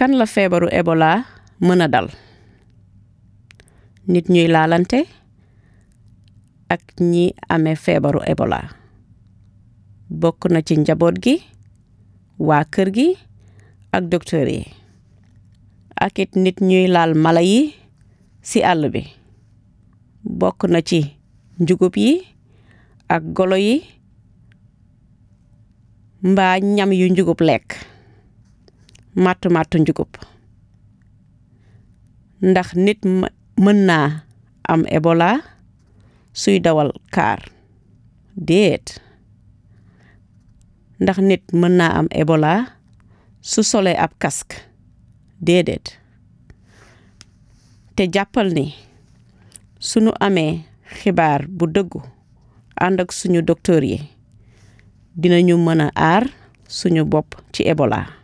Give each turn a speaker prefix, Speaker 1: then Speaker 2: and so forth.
Speaker 1: kan la feebaru Ebola mën a dal nit ñuy laalante ak ñi amee feebaru ébola bokk na ci njaboot gi waa kër gi ak docteur yi ak it nit ñuy laal mala yi ci àll bi bokk na ci njugub yi ak golo yi mbaa ñam yu njugub lekk màtt màtt njugub ndax nit mën naa am Ebola suy dawal kaar déet ndax nit mën naa am Ebola su solee ab casque déedéet te jàppal ni su nu amee xibaar bu dëggu ànd ak suñu docteur yi ñu mën a aar suñu bopp ci Ebola